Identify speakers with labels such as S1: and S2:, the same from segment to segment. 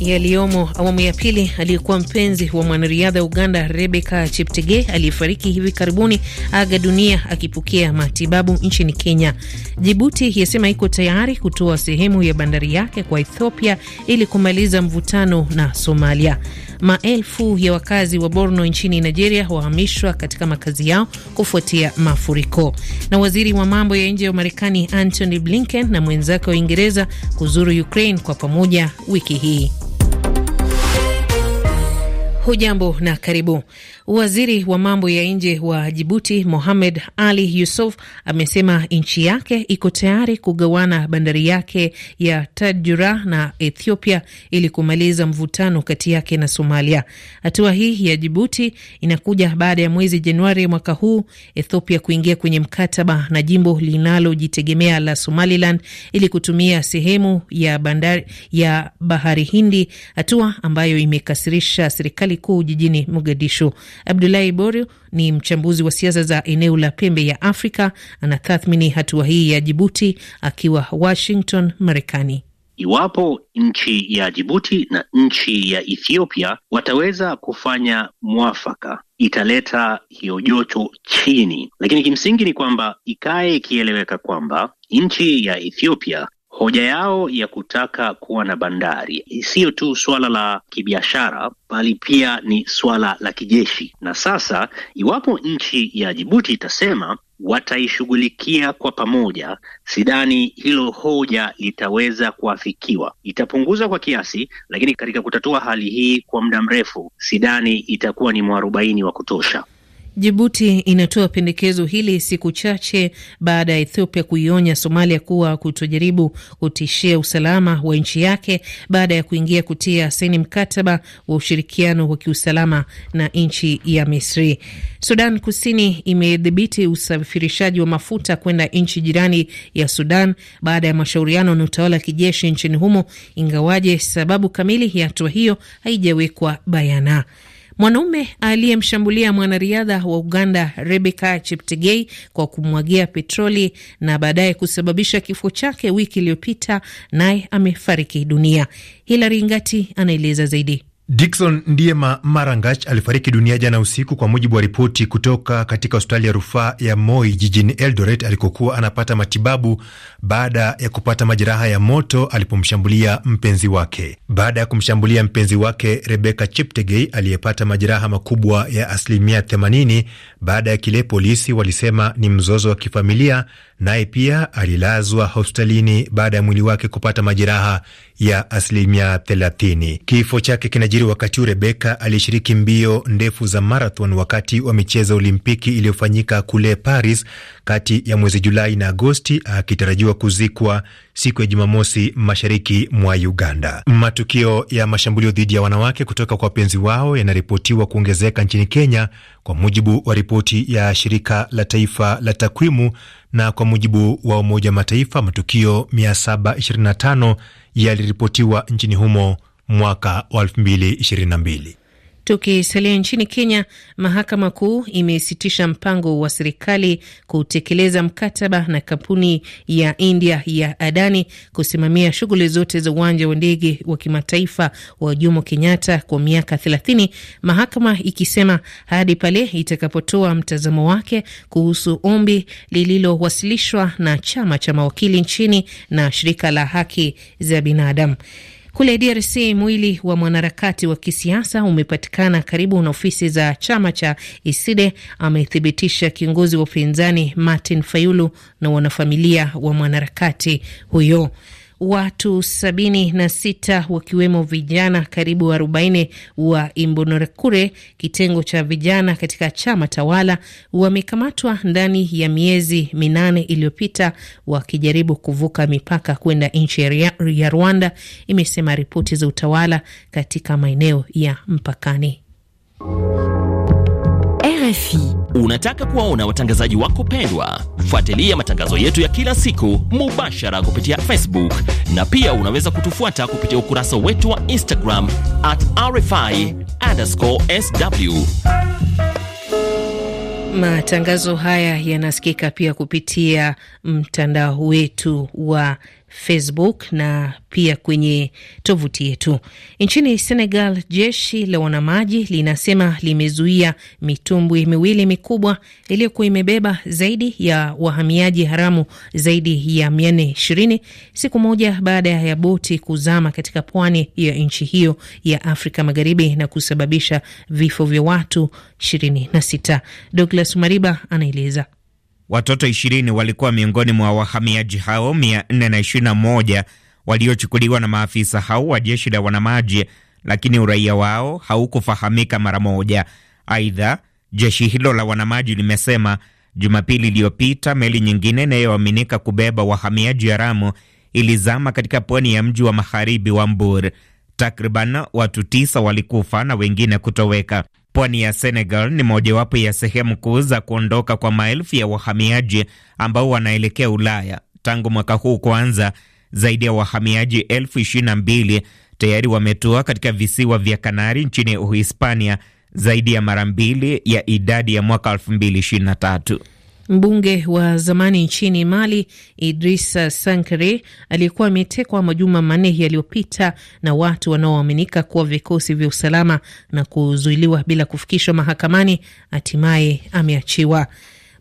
S1: yaliyomo awamu ya pili. Aliyekuwa mpenzi wa mwanariadha Uganda Rebeka cheptege aliyefariki hivi karibuni aga dunia akipokea matibabu nchini Kenya. Jibuti yasema iko tayari kutoa sehemu ya bandari yake kwa Ethiopia ili kumaliza mvutano na Somalia. Maelfu ya wakazi wa Borno nchini Nigeria wahamishwa katika makazi yao kufuatia mafuriko. Na waziri wa mambo ya nje wa Marekani Antony Blinken na mwenzake wa Uingereza kuzuru Ukraine kwa pamoja wiki hii. Hujambo na karibu. Waziri wa mambo ya nje wa Jibuti Mohamed Ali Yusuf amesema nchi yake iko tayari kugawana bandari yake ya Tajura na Ethiopia ili kumaliza mvutano kati yake na Somalia. Hatua hii ya Jibuti inakuja baada ya mwezi Januari mwaka huu Ethiopia kuingia kwenye mkataba na jimbo linalojitegemea la Somaliland ili kutumia sehemu ya bandari ya bahari Hindi, hatua ambayo imekasirisha serikali kuu jijini Mogadishu. Abdulahi Borio ni mchambuzi wa siasa za eneo la pembe ya Afrika, anatathmini hatua hii ya Jibuti akiwa Washington, Marekani.
S2: Iwapo nchi ya Jibuti na nchi ya Ethiopia wataweza kufanya mwafaka italeta hiyo joto chini, lakini kimsingi ni kwamba ikae ikieleweka kwamba nchi ya Ethiopia Hoja yao ya kutaka kuwa na bandari siyo tu suala la kibiashara, bali pia ni suala la kijeshi. Na sasa iwapo nchi ya Jibuti itasema wataishughulikia kwa pamoja, sidhani hilo hoja litaweza kuafikiwa. Itapunguza kwa kiasi, lakini katika kutatua hali hii kwa muda mrefu, sidhani itakuwa ni mwarobaini wa kutosha.
S1: Jibuti inatoa pendekezo hili siku chache baada ya Ethiopia kuionya Somalia kuwa kutojaribu kutishia usalama wa nchi yake baada ya kuingia kutia saini mkataba wa ushirikiano wa kiusalama na nchi ya Misri. Sudan Kusini imedhibiti usafirishaji wa mafuta kwenda nchi jirani ya Sudan baada ya mashauriano na utawala wa kijeshi nchini humo, ingawaje sababu kamili ya hatua hiyo haijawekwa bayana. Mwanaume aliyemshambulia mwanariadha wa Uganda Rebecca Cheptegei kwa kumwagia petroli na baadaye kusababisha kifo chake wiki iliyopita, naye amefariki dunia. Hilari Ngati anaeleza zaidi.
S3: Dikson ndiye Marangach alifariki dunia jana usiku, kwa mujibu wa ripoti kutoka katika hospitali ya rufaa ya Moi jijini Eldoret alikokuwa anapata matibabu baada ya kupata majeraha ya moto alipomshambulia mpenzi wake. Baada ya kumshambulia mpenzi wake Rebeka Cheptegei aliyepata majeraha makubwa ya asilimia 80 baada ya kile polisi walisema ni mzozo wa kifamilia, naye pia alilazwa hospitalini baada ya mwili wake kupata majeraha ya asilimia 30. Kifo chake kina Yanajiri wakati Rebeka aliyeshiriki mbio ndefu za marathon wakati wa michezo Olimpiki iliyofanyika kule Paris kati ya mwezi Julai na Agosti akitarajiwa kuzikwa siku ya Jumamosi mashariki mwa Uganda. Matukio ya mashambulio dhidi ya wanawake kutoka kwa wapenzi wao yanaripotiwa kuongezeka nchini Kenya kwa mujibu wa ripoti ya shirika la taifa la takwimu na kwa mujibu wa Umoja wa Mataifa, matukio 725 yaliripotiwa nchini humo mwaka wa 2022.
S1: Tukisalia nchini Kenya, mahakama kuu imesitisha mpango wa serikali kutekeleza mkataba na kampuni ya India ya Adani kusimamia shughuli zote za uwanja wa ndege wa kimataifa wa Jomo Kenyatta kwa miaka 30, mahakama ikisema hadi pale itakapotoa mtazamo wake kuhusu ombi lililowasilishwa na chama cha mawakili nchini na shirika la haki za binadamu. Kule DRC mwili wa mwanaharakati wa kisiasa umepatikana karibu na ofisi za chama cha Iside, amethibitisha kiongozi wa upinzani Martin Fayulu na wanafamilia wa mwanaharakati huyo watu 76 wakiwemo vijana karibu 40 wa Imbonerakure, kitengo cha vijana katika chama tawala, wamekamatwa ndani ya miezi minane iliyopita wakijaribu kuvuka mipaka kwenda nchi ya Rwanda, imesema ripoti za utawala katika maeneo ya mpakani. RFI.
S2: Unataka kuwaona watangazaji wako pendwa Fuatilia matangazo yetu ya kila siku mubashara kupitia Facebook na pia unaweza kutufuata kupitia ukurasa wetu wa Instagram at RFI underscore sw.
S1: Matangazo haya yanasikika pia kupitia mtandao wetu wa Facebook na pia kwenye tovuti yetu. Nchini Senegal, jeshi la wanamaji linasema limezuia mitumbwi miwili mikubwa iliyokuwa imebeba zaidi ya wahamiaji haramu zaidi ya 420 siku moja baada ya boti kuzama katika pwani ya nchi hiyo ya Afrika Magharibi na kusababisha vifo vya watu 26. Douglas Mariba anaeleza.
S2: Watoto 20 walikuwa miongoni mwa wahamiaji hao 421 waliochukuliwa na maafisa hao wa jeshi la wanamaji, lakini uraia wao haukufahamika mara moja. Aidha, jeshi hilo la wanamaji limesema Jumapili iliyopita meli nyingine inayoaminika kubeba wahamiaji haramu ilizama katika pwani ya mji wa magharibi wa Mbur. Takriban watu tisa walikufa na wengine kutoweka. Pwani ya Senegal ni mojawapo ya sehemu kuu za kuondoka kwa maelfu ya wahamiaji ambao wanaelekea Ulaya. Tangu mwaka huu kwanza zaidi ya wahamiaji elfu ishirini na mbili tayari wametua katika visiwa vya Kanari nchini Uhispania, zaidi ya mara mbili ya idadi ya mwaka 2023.
S1: Mbunge wa zamani nchini Mali Idrissa Sankere aliyekuwa ametekwa majuma manne yaliyopita na watu wanaoaminika kuwa vikosi vya usalama na kuzuiliwa bila kufikishwa mahakamani, hatimaye ameachiwa.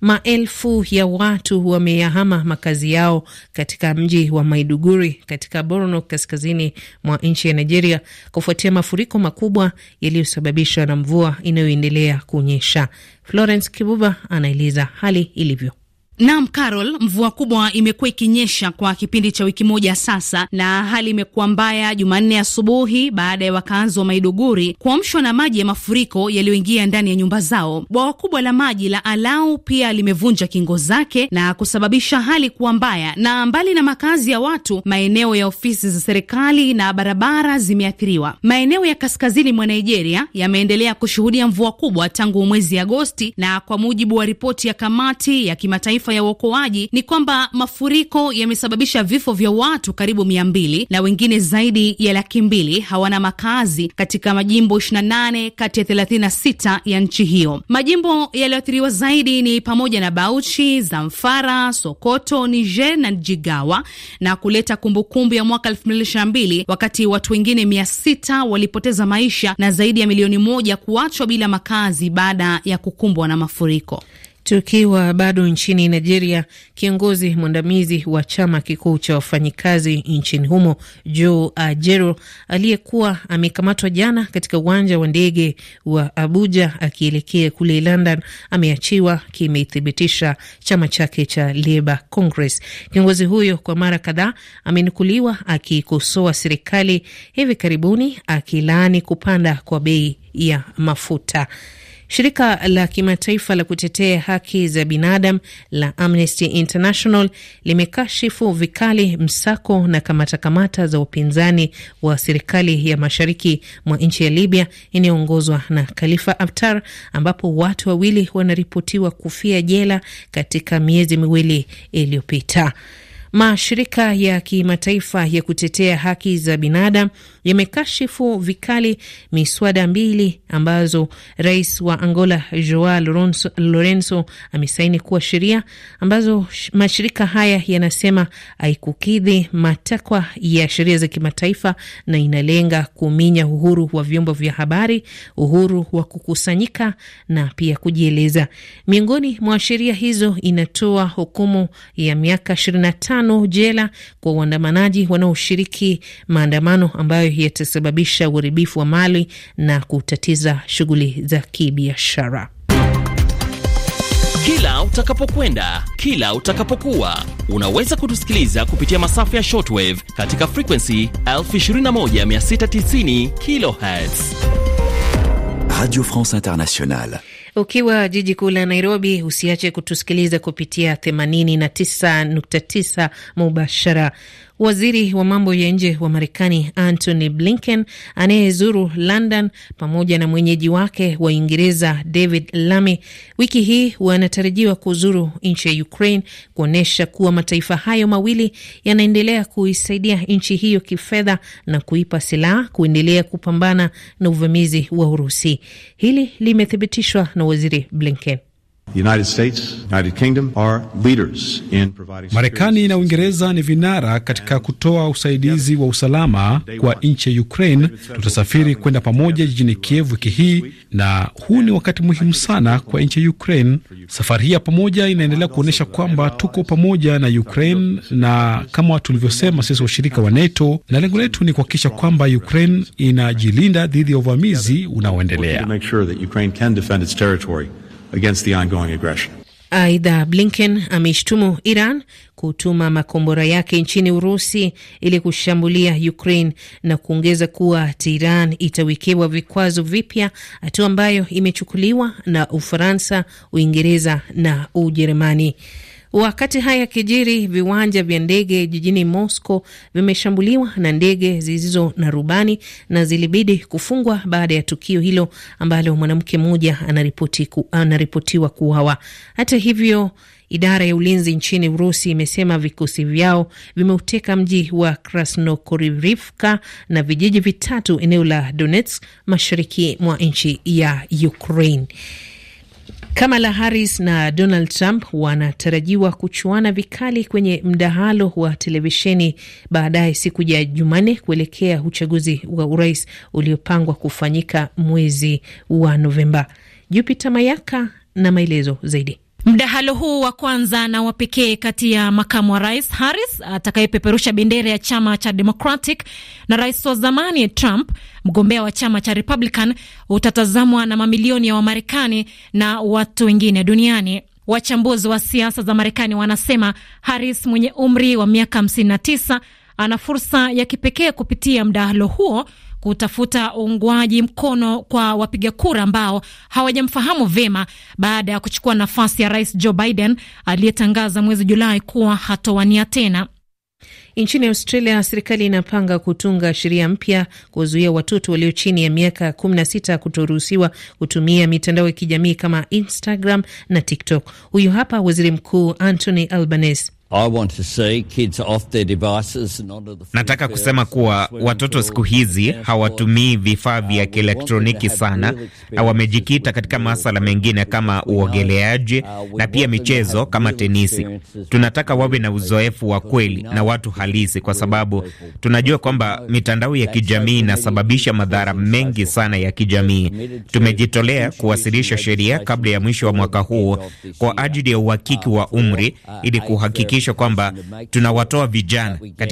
S1: Maelfu ya watu wameyahama makazi yao katika mji wa Maiduguri katika Borno, kaskazini mwa nchi ya Nigeria, kufuatia mafuriko makubwa yaliyosababishwa na mvua inayoendelea kunyesha. Florence Kibuba anaeleza hali ilivyo.
S4: Naam, Carol, mvua kubwa imekuwa ikinyesha kwa kipindi cha wiki moja sasa, na hali imekuwa mbaya Jumanne asubuhi baada ya wakazi wa Maiduguri kuamshwa na maji ya mafuriko yaliyoingia ndani ya nyumba zao. Bwawa kubwa la maji la Alau pia limevunja kingo zake na kusababisha hali kuwa mbaya, na mbali na makazi ya watu, maeneo ya ofisi za serikali na barabara zimeathiriwa. Maeneo ya kaskazini mwa Nigeria yameendelea kushuhudia mvua kubwa tangu mwezi Agosti, na kwa mujibu wa ripoti ya kamati ya kimataifa taarifa ya uokoaji ni kwamba mafuriko yamesababisha vifo vya watu karibu mia mbili na wengine zaidi ya laki mbili hawana makazi katika majimbo 28 kati ya 36 ya nchi hiyo. Majimbo yaliyoathiriwa zaidi ni pamoja na Bauchi, Zamfara, Sokoto, Niger na Jigawa, na kuleta kumbukumbu ya mwaka 2022 wakati watu wengine sita walipoteza maisha na zaidi ya milioni moja kuachwa bila makazi baada ya kukumbwa na mafuriko. Tukiwa bado nchini Nigeria, kiongozi mwandamizi wa chama kikuu cha
S1: wafanyikazi nchini humo Joe Ajero aliyekuwa amekamatwa jana katika uwanja wa ndege wa Abuja akielekea kule London ameachiwa, kimethibitisha chama chake cha Labour Congress. Kiongozi huyo kwa mara kadhaa amenukuliwa akikosoa serikali, hivi karibuni akilaani kupanda kwa bei ya mafuta. Shirika la kimataifa la kutetea haki za binadamu la Amnesty International limekashifu vikali msako na kamatakamata za upinzani wa serikali ya mashariki mwa nchi ya Libya inayoongozwa na Khalifa Haftar, ambapo watu wawili wanaripotiwa kufia jela katika miezi miwili iliyopita. Mashirika ya kimataifa ya kutetea haki za binadamu yamekashifu vikali miswada mbili ambazo rais wa Angola Joao Lorenzo, Lorenzo amesaini kuwa sheria ambazo mashirika haya yanasema haikukidhi matakwa ya sheria za kimataifa na inalenga kuminya uhuru wa vyombo vya habari, uhuru wa kukusanyika na pia kujieleza. Miongoni mwa sheria hizo inatoa hukumu ya miaka 25 tano jela kwa waandamanaji wanaoshiriki maandamano ambayo yatasababisha uharibifu wa mali na kutatiza shughuli za kibiashara.
S2: Kila utakapokwenda, kila utakapokuwa, unaweza kutusikiliza kupitia masafa ya shortwave katika frekuensi 21690 kilohertz.
S3: Radio France Internationale.
S1: Ukiwa jiji kuu la Nairobi, usiache kutusikiliza kupitia 89.9 mubashara. Waziri wa mambo ya nje wa Marekani Antony Blinken anayezuru London pamoja na mwenyeji wake wa Uingereza David Lammy wiki hii wanatarajiwa kuzuru nchi ya Ukraine kuonyesha kuwa mataifa hayo mawili yanaendelea kuisaidia nchi hiyo kifedha na kuipa silaha kuendelea kupambana na uvamizi wa Urusi. Hili limethibitishwa na Waziri Blinken.
S4: Marekani
S3: na Uingereza ni vinara katika kutoa usaidizi wa usalama kwa nchi ya Ukraine. Tutasafiri kwenda pamoja jijini Kiev wiki hii, na huu ni wakati muhimu sana kwa nchi ya Ukraine. Safari hii ya pamoja inaendelea kuonyesha kwamba tuko pamoja na Ukraine, na kama tulivyosema, sisi washirika wa NATO, na lengo letu ni kuhakikisha kwamba Ukraine inajilinda dhidi ya uvamizi unaoendelea against the ongoing aggression.
S1: Aidha, Blinken ameishtumu Iran kutuma makombora yake nchini Urusi ili kushambulia Ukraine na kuongeza kuwa Tehran itawekewa vikwazo vipya, hatua ambayo imechukuliwa na Ufaransa, Uingereza na Ujerumani. Wakati haya yakijiri, viwanja vya ndege jijini Moscow vimeshambuliwa na ndege zisizo na rubani na zilibidi kufungwa baada ya tukio hilo ambalo mwanamke mmoja anaripoti ku, anaripotiwa kuuawa. Hata hivyo Idara ya ulinzi nchini Urusi imesema vikosi vyao vimeuteka mji wa Krasnokorivka na vijiji vitatu eneo la Donetsk, mashariki mwa nchi ya Ukraine. Kamala Harris na Donald Trump wanatarajiwa kuchuana vikali kwenye mdahalo wa televisheni baadaye siku ya Jumanne kuelekea uchaguzi wa urais uliopangwa kufanyika mwezi wa Novemba. jupita Mayaka na maelezo zaidi.
S4: Mdahalo huu wa kwanza na wa pekee kati ya makamu wa rais Harris atakayepeperusha bendera ya chama cha Democratic na rais wa zamani Trump, mgombea wa chama cha Republican, utatazamwa na mamilioni ya Wamarekani na watu wengine duniani. Wachambuzi wa siasa za Marekani wanasema Harris mwenye umri wa miaka 59 ana fursa ya kipekee kupitia mdahalo huo kutafuta uungwaji mkono kwa wapiga kura ambao hawajamfahamu vema baada ya kuchukua nafasi ya Rais Joe Biden aliyetangaza mwezi Julai kuwa hatowania tena.
S1: Nchini Australia, serikali inapanga kutunga sheria mpya kuzuia watoto walio chini ya miaka 16 kutoruhusiwa kutumia mitandao ya kijamii kama Instagram na TikTok. Huyu hapa waziri mkuu Anthony Albanese.
S2: I want to see kids off their devices and onto the. Nataka kusema kuwa watoto siku hizi hawatumii vifaa vya uh, kielektroniki sana na uh, wamejikita katika masala mengine kama uogeleaji uh, na pia michezo kama tenisi. Tunataka wawe na uzoefu wa kweli na watu halisi, kwa sababu tunajua kwamba mitandao ya kijamii inasababisha madhara mengi sana ya kijamii. Tumejitolea kuwasilisha sheria kabla ya mwisho wa mwaka huu kwa ajili ya uhakiki wa umri ili kuhakiki kuhakikisha kwamba tunawatoa vijana katika